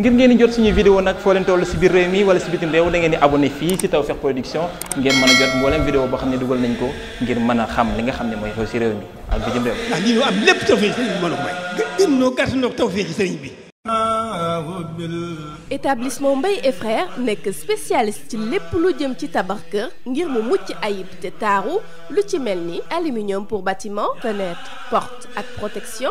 ngir ngeen di jot suñu vidéo nag foo leen toll si biir réew mi wala si bitim réew da ngeen di abonné fii si Tawfekh Production ngeen mën a jot mboolem vidéo boo xam ne dugal nañ ko ngir mën a xam li nga xam ne mooy xew si réew mi ak bitim réew. ndax lii ñu am lépp Tawfekh sëriñ bi mën a may. gën noo gàtt noo Tawfekh sëriñ bi. établissement Mbaye et nekk spécialiste ci lépp lu jëm ci tabax kër ngir mu mucc ayib te taaru lu ci mel ni aluminium pour bâtiment fenêtre porte ak protection.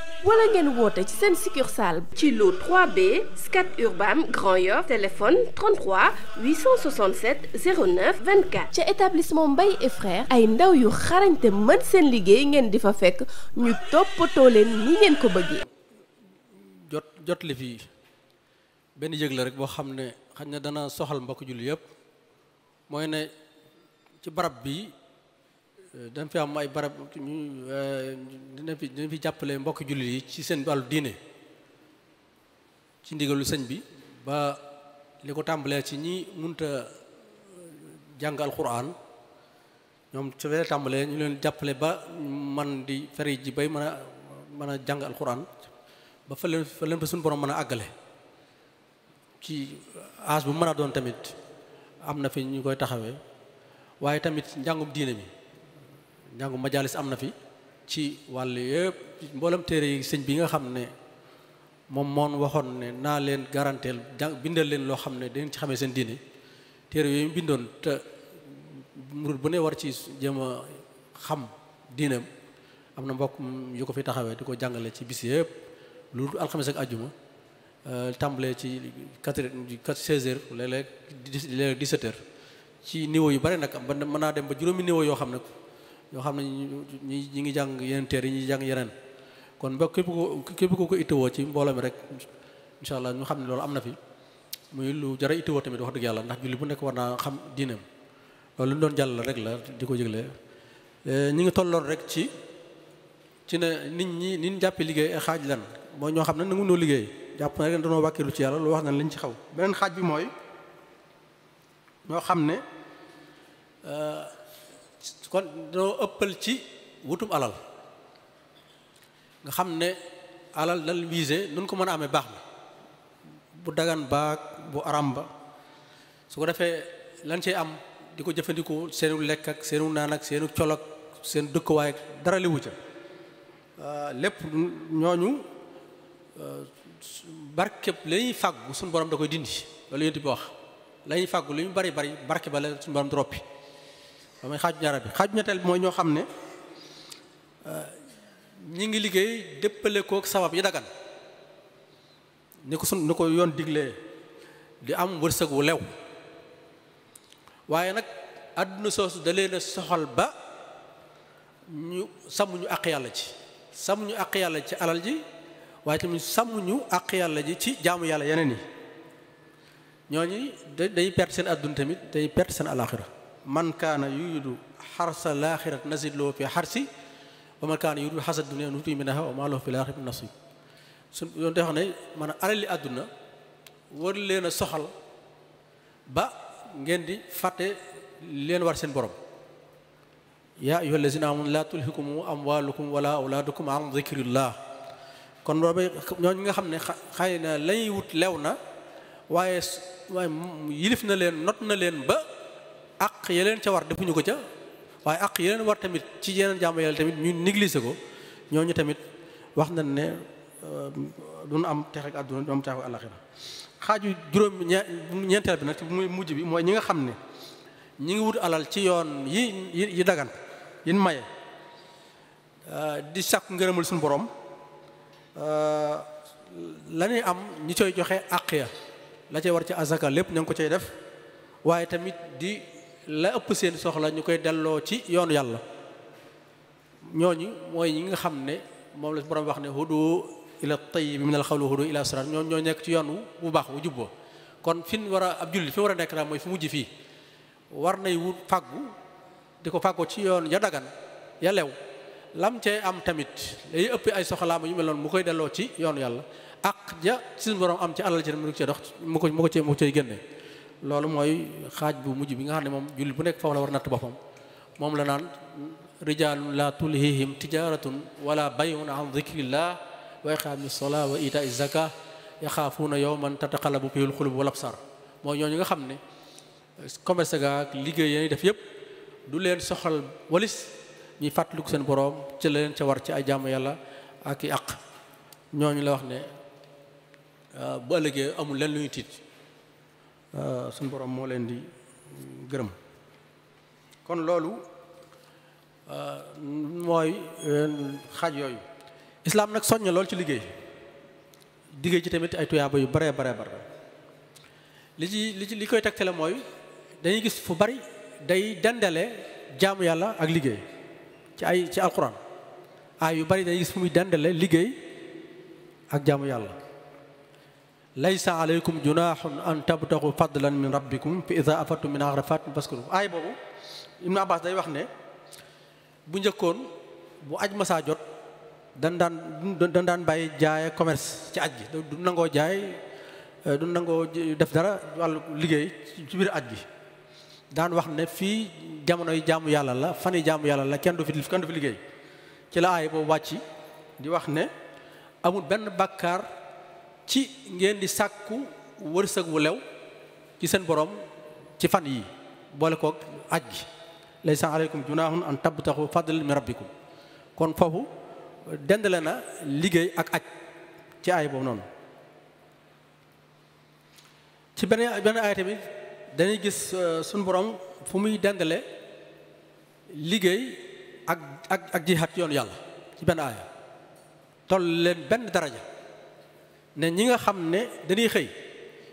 wala ngeen woote ci seen succursale ci lu 3B Scat Urbam Grand Yoff téléphone 33 867 09 24 ca établissement Mbaye et frères ay ndaw yu xarañ te mën seen liggéey ngeen di fa fekk ñu toppatoo leen ni ngeen ko bëggee jot jot fii benn yëg la rek boo xam ne xañ na dana soxal mbokk julli yëpp mooy ne ci barab bi Euh, dañ fi am ay barab ñu euh, dina fi dina fi jàppale mbokki jullit yi ci seen wàllu diine ci ndigalu sëñ bi ba li ko tàmbalee ci ñi munta euh, jàng alxuraan ñoom su fee tàmbalee ñu leen jàppale ba man di fere ji bay mën a mën a jàng alxuraan ba fa leen fa leen fa suñu borom mën a àggale ci aas bu mën a doon tamit am na fi ñu koy taxawee waaye tamit njàngum diine mi njàngu majalis am na fi ci wàll yëpp mboolem téere yi sëñ bi nga xam ne moom moon waxoon ne naa leen garanteel jàng bindal leen loo xam ne dangeen ci xamee seen diine téere yooyu bindoon te murid bu ne war ci jéem a xam diineem am na mbokk yu ko fi taxawee di ko jàngale ci bis yëpp lu dul alxames ak àjjuma euh, tàmbalee ci quatre quatre seize heures léeg-léeg dix-sept ci niveau yu bare nag mën naa dem ba juróomi niveau yoo xam ne yoo xam ne ñi ñi ngi jàng yeneen téere yi ñi jàng yeneen kon ba képp ko képp ko ko ittewoo ci mbooloo mi rek incha allah ñu xam ne loolu am na fi muy lu jara ittewoo tamit wax dëgg yàlla ndax julli bu nekk war naa xam diineem loolu lu ñu doon jàll rek la di ko jëgle eh, ñi ngi lool rek ci ci ne nit ñi nit ñu jàppee liggéey xaaj lan mooy ñoo xam ne nangu noo liggéey jàpp na rek danoo lu ci yàlla lu wax na lañ ci xaw beneen xaaj bi mooy xam ne eh, kon danoo ëppal ci wutum alal nga xam ne alal dal visé nun ko mën a amee baax na bu dagan baag bu aram ba su ko defee lan cee am di ko jëfandikoo seenu lekk ak seenu naan ak seenu col ak seen dëkkuwaay ak dara li ca euh, lépp ñooñu euh, barkeb la ñuy fàggu suñu borom da koy dindi loolu yéen bi wax lañuy ñuy lu ñu bari bari barke ba la suñu borom di roppi ba mooy xaaju ñaara bi xaaju ñetteel bi mooy ñoo xam ne euh, ñu ngi liggéey dëppale kook sabab yi dagan ni ko sun ni ko yoon digle di am wërsëg wu lew waaye nag àdduna soosu da leen soxal ba ñu sàmm ñu àq yàlla ci sàmm ñu àq yàlla ci alal ji waaye tamit sàmm ñu àq yàlla ji ci jaamu yàlla yeneen yi ñoo ñooñu day perte seen àdduna tamit day perte seen alaaxira man kaana yuridu xarsa laaxirat si loo fi xarsi wa man kaana yuridu xarsa dunya nuti minha wa maa lahu fil aaxirati min nasiib su doon te xam ne maanaam alali àdduna war leen a soxal ba ngeen di fàtte leen war seen borom yaa ayyuha allazina amanu laa tulhikum amwaalukum wala awlaadukum an dikrillah kon loolu ñoo ñi nga xam ne xay na lañuy wut lew na waaye waaye yilif na leen not na leen ba ak yeneen ca war defu ñu ko ca waaye ak yeleen war tamit ci yeneen jaamu yàlla tamit ñu négligé ko ñooñu tamit wax nañ ne euh, duñu am texe ak du am texe ak àllaxira xaaju juróom ñeenteel bi nag ci muy mujj bi mooy ñi nga xam ne ñi ngi wut alal ci yoon yi yi dagan yin maye euh, di sàkku ngërëmal suñ borom euh, la ñuy am ñi coy joxe àq ya la cay war ci azaka lépp ña ko cay def waaye tamit di la ëpp seen soxla ñu koy delloo ci yoonu yàlla ñooñu mooy ñi nga xam ne moom la borom wax ne hudu ila tayyib min al xawli la ila sirat ñoo ñoo nekk ci yoonu bu baax bu jubbo kon fi mu war a ab julli fi mu war a nekk daal mooy fi mujj fii war nay wut fàggu di ko fàggoo ci yoon ya dagan ya lew lam cee am tamit lay ëpp ay soxlaama yu mel noonu mu koy delloo ci yoon yàlla ak ja suñu borom am ci alal ci mu ko cee dox mu ko mu ko cee mu ko cee génne loolu mooy xaaj bu mujj bi nga xam ne moom jullit bu nekk foofu la war natt boppam moom la naan rijalun la tulhihim tijaratun wala bayun an dicrillah wa iqaami sola wa itaa zaka yaxaafuuna yawman bu fihi alqulub wal absar mooy ñooñu nga xam ne commerce ga ak liggéey yi def yëpp du leen soxal walis ñuy fàttaliku seen boroom ci la leen ca war ci ay jàmm yàlla ak i àq ñooñu la wax ne ah, bu ëllëgee amul leen lu ñu tiit Euh, suñu borom moo leen di gërëm kon loolu euh, mooy euh, xaaj yooyu islaam nag soññ lool ci liggéey liggéey ci tamit ay tuyaaba yu bare bare bare li ci li ci li koy tegtale mooy dañuy gis fu bari day dendale jaamu yàlla ak liggéey ci ay ci alquran ay yu bari dañuy gis fu muy dendale liggéey ak jaamu yàlla laysa aleykum junahun an tabtaxu fadlan min rabbikum fi ida afatu min arafatin faskuru aay boobu ibnu abbas day wax ne bu njëkkoon bu aj masaa jot dan daan dan daan bàyyi jaaye commerce ci aj gi du nangoo jaay du nangoo def dara wàll liggéey ci biir aj bi daan wax ne fii jamono yi jaamu yàlla la fan yi jaamu yàlla la kenn du fi kenn du fi liggéey ci la aay boobu wàcc di wax ne amul benn bàkkaar ci ngeen di sàkku wërsëg wu lew ci seen boroom ci fan yi boole koog aj gi laysa aleykum junahun an tabtaxu fadlan min rabbikum kon foofu dendale na liggéey ak aj ci aay boobu noonu ci benn benn aay tamit dañuy gis euh, suñu boroom fu muy dendale liggéey ak ak ak jihaad yoonu yàlla ci benn aaya toll leen benn daraja ne ñi nga xam ne dañuy xëy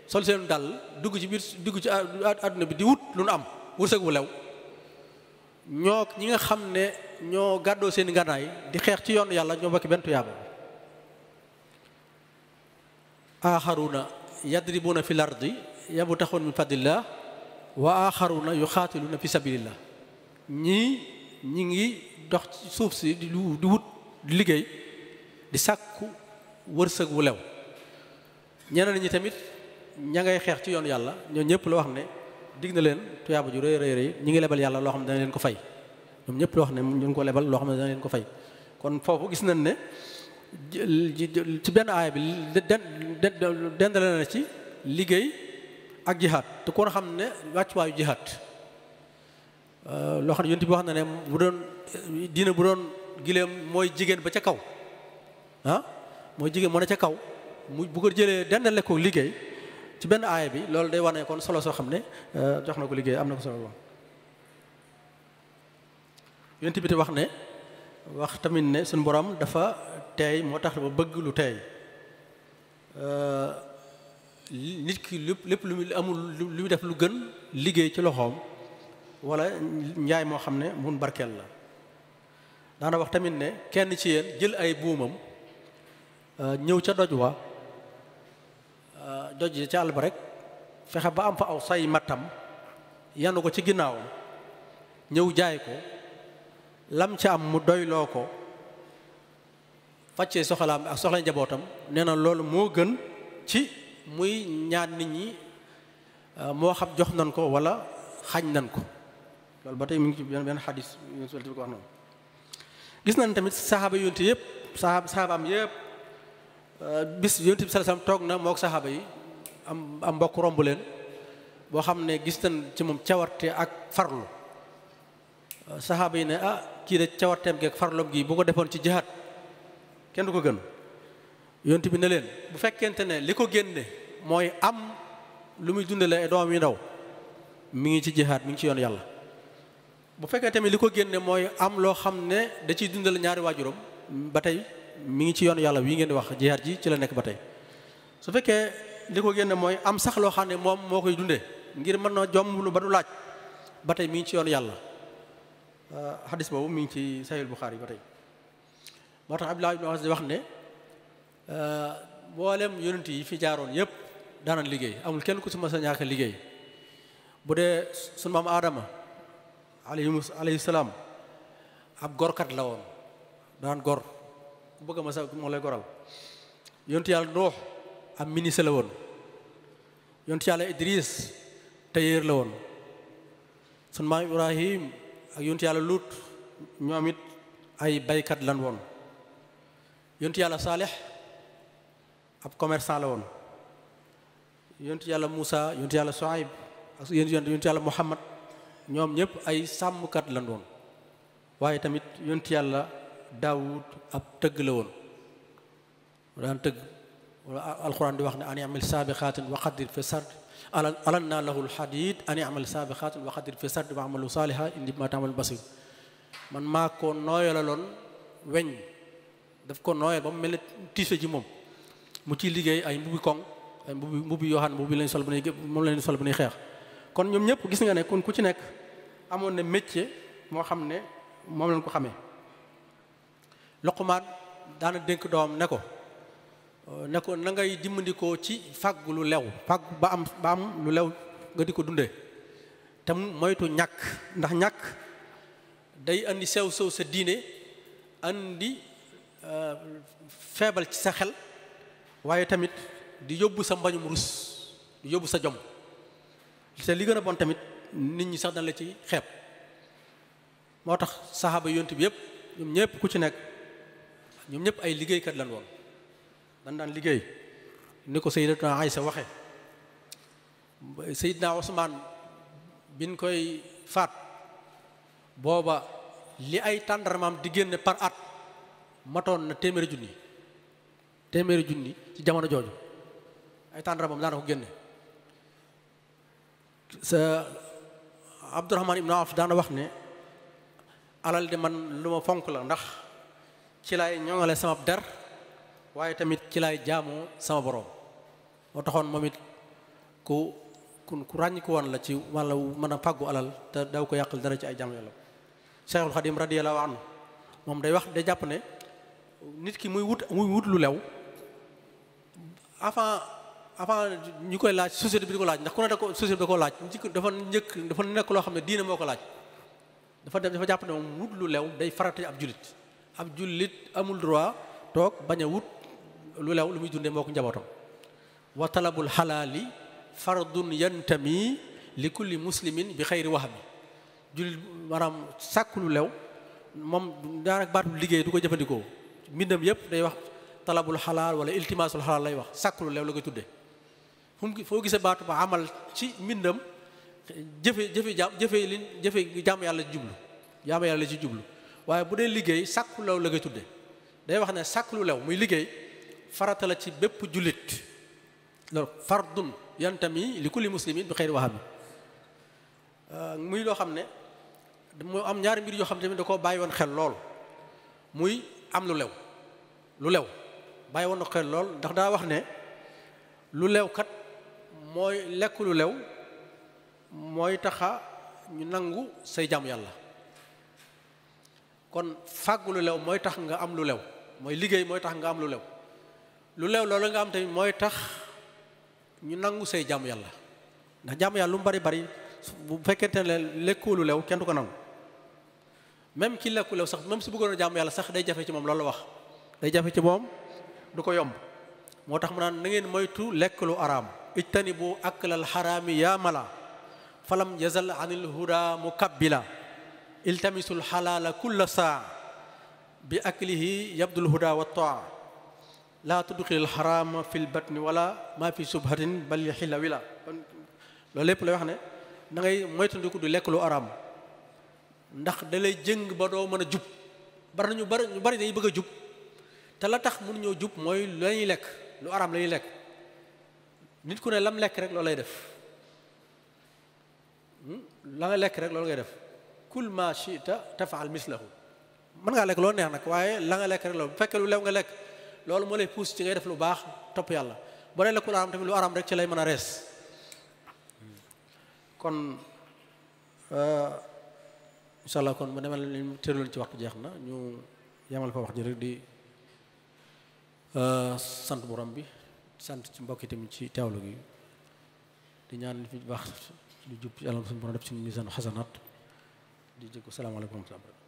sol seen dal dugg ci biir dugg ci àdduna bi di wut lu nu am wërsëg bu lew ñoo ñi nga xam ne ñoo gàddoo seen ngànnaay di xeex ci yoonu yàlla ñoo bakki benn tuyaaba bi aaxaruna na fi l ardi yabtaxuuna min fadlillah wa aaxaruna yuxaatiluna fi sabilillah ñii ñi ngi dox suuf si di wut di liggéey di sàkku wërsëg wu lew ñeneen ñi tamit ña ngay xeex ci yoon yàlla ñoo ñëpp la wax ne digg na leen tuyaaba ju rëy rëy rëy ñi ngi lebal yàlla loo xam ne dana leen ko fay ñoom ñëpp la wax ne mu ngi ko lebal loo xam ne ko fay kon foofu gis nañ ne ci benn aaya bi dendale na ci liggéey ak jihaat te kon xam ne wàccuwaayu jihaat euh, loo xam ne wax na ne bu doon diina bu doon gileem mooy jigéen ba ca kaw ah, mooy jigéen moo ne ca kaw mu bu ko jëlee dendale ko liggéey ci benn aaya bi loolu day wane kon solo soo xam ne euh, jox na ko liggéey am na ko solo lool yéen wax ne wax tamit ne suñu borom dafa teey moo tax dafa bëgg lu teey euh, nit ki lépp lépp lu muy amul lu muy def lu gën liggéey ci loxoom wala njaay moo xam ne mun barkeel la daana wax tamit ne kenn ci yéen jël ay buumam euh, ñëw ca doj wa doj yi ca àll ba rek fexe ba am fa aw say mattam yanu ko ci ginnaawam ñëw jaay ko lam ca am mu doyloo ko faccee soxlaam ak soxla njabootam nee na loolu moo gën ci muy ñaan nit ñi euh, moo xam jox nan ko wala xañ nan ko loolu ba tey mu ngi ci benn xadis yoon si ko wax noonu gis nañ tamit saxaaba yonte yëpp saxaab saxaabaam yëpp euh, bis yonte bi sallallahu toog na mook saxaaba yi am am mbokk romb leen boo xam ne gis nañ ci moom cawarte ak farlu saxaaba yi ne ah kii de cawarteem gi ak farloom gi bu ko defoon ci jihaat kenn du ko gën yont bi na leen bu fekkente ne li ko génne mooy am lu muy dundale doom yu ndaw mi ngi ci jihaat mi ngi ci yoon yàlla bu fekkee tamit li ko génne mooy am loo xam ne da ciy dundal ñaari waajuram ba tey mu ngi ci yoon yàlla wi ngeen di wax jihaat ji ci la nekk ba tey su fekkee li ko génne mooy am sax loo xam ne moom moo koy dundee ngir mën na jomblu ba du laaj ba tey mi ngi ci yoon yàlla euh, xadis boobu mi ngi ci sahih Bukhari ba tey moo tax ab ibn Abbas wax ne euh, mboolem yonent yi fi jaaroon yëpp daanan liggéey amul kenn ku ci mës a ñàkk liggéey bu dee sunu maam Aadama alayhi alayhi salaam ab gorkat la woon daan gor ku bëgg ma mës a moo lay goral yonent yàlla Nuux ab ministre la woon yonent yàlla Idris tailleur la woon sun maam Ibrahim ak yonent yàlla Lut ñoom it ay baykat lan woon yonent yàlla Saalix ab commerçant la woon yonent yàlla Moussa yonent yàlla Suayb ak yonent yàlla Muhammad ñoom ñëpp ay sàmmkat lan woon waaye tamit yonent yàlla Daawud ab tëgg la woon daan tëgg wala alquran di wax ne an amal saabixaatin wa qaddir fi sard ala alal naa lahul xadid an amal saabixaatin wa qaddir fi sard wa amalu saaliha indi ma tamal basir man maa ko nooyalaloon weñ daf ko nooyal ba mu mel ne tiise ji moom mu ciy liggéey ay mbubi koŋ ay mbubi mbubi yoo xam ne mbubi lañ sol bu ñuy moom lañ sol bu ñuy xeex kon ñoom ñëpp gis nga ne kon ku ci nekk amoon na métier moo xam ne moom lañ ko xamee Luqmaan daana dénk doom ne ko Euh, ne ko na ngay dimbandikoo ci fag lu lew fàgg ba am ba am lu lew nga di ko dunde tam moytu ñàkk ndax ñàkk day indi sew sew sa diine andi euh, feebal ci sa xel waaye tamit di yóbbu sa mbañum rus di yóbbu sa jom te li gën a bon tamit nit ñi sax dañ la ci xeeb moo tax saxaaba yonent bi yëpp ñoom ñëpp ku ci nekk ñoom ñëpp ay liggéeykat lan woon dan daan liggéey ni ko sayyidatuna Aysa waxe sayyidna Usmaan biñ koy faat booba li ay tàndarmaam di génne par at matoon na téeméeri junni téeméeri junni ci jamono jooju ay tàndarmaam daana génne sa Abdurahmaan ibnu Awf daana wax ne alal de man lu ma fonk la ndax ci lay ñoŋale sama der waaye tamit ci laay jaamoo sama borom moo taxoon moom it ku ku ku ràññiku woon la ci walla mën a pàggu alal te daw ko yàqal dara ci ay jaam yàlla Cheikhul Khadim radiyallahu anhu moom day wax day jàpp ne nit ki muy wut muy wut lu lew avant avant ñu koy laaj société bi di ko laaj ndax ku ne da ko société bi da ko dafa njëkk dafa nekk loo xam ne diine moo ko laaj dafa dem dafa jàpp ne moom wut lu lew day farata ab jullit ab jullit amul droit toog bañ a wut lu lew lu muy dundee moo ko njabootam wa talabul xalaali fardun yantami li kulli muslimin bi xayri wahmi jullit maanaam sàkku lu lew moom daanaka baatu liggéey du ko jëfandikoo mbindam yëpp day wax talabul xalaal wala iltimaasul xalaal lay wax sàkku lu lew la koy tuddee fu mu foo gisee baatu ba amal ci mbindam jëfe jëfe jaam jëfe li jëfe jaam yàlla ci jublu jaam yàlla ci jublu waaye bu dee liggéey sàkku lew la koy tuddee day wax ne sàkku lu lew muy liggéey farata la ci bépp jullit loolu fardun yantami li kulli muslimin bi xeyri wahami euh, muy loo xam ne mu am ñaari mbir yoo xam ne tamit da koo bàyyi woon xel lool muy am lu lew lu lew bàyyi woon xel lool ndax daa wax ne lu lew kat mooy lekk lu lew mooy taxa ñu nangu say jàmm yàlla kon fàggu lu lew mooy tax nga am lu lew mooy liggéey mooy tax nga am lu lew lu leew loolu nga am tamit mooy tax ñu nangu say jàmm yàlla ndax jàmm yàlla lu mu bari bari bu fekkente ne lekkoo lu leew kenn du ko nangu même ci lekku leew sax même su bëggoon a jàmm yàlla sax day jafe ci moom loolu wax day jafe ci moom du ko yomb moo tax mu naan nangeen ngeen moytu lekk lu araam ijtanibu aklal xaraami yaa mala falam yazal anil huda mukabbila iltamisul xalaala kulla saa bi aklihi yabdul huda wa laa tudxilil xaraama fil batni wala maa fi subhatin bal yaxilla wila kon loolu lépp la wax ne da ngay moytandiku du lekk lu araam ndax dalay jëng ba doo mën a jub bari nañu bari ñu bari dañuy bëgg a jub te la tax mënu ñoo jub mooy la ñuy lekk lu araam la ñuy lekk nit ku ne lam lekk rek loolu lay def hmm? la nga lekk rek loolu ngay def kul ma chita tafaal mislahu mën ngaa lekk loo neex nag waaye la nga lekk rek loolu bu fekkee lu lew nga lekk loolu moo lay pousse ci ngay def lu baax topp yàlla boo dee lekkul araam tamit lu araam rek ci lay mën a rees kon euh, incha allah kon mu demal li tëraloon ci waxtu jeex na ñu yemal fa wax ji rek di euh, sant borom bi sant ci mbokk tamit ci teewlu gi di ñaan li fi baax di jub yàlla suñu borom def ci misaan xasanaat di jëkku salaamaaleykum wa rahmatulah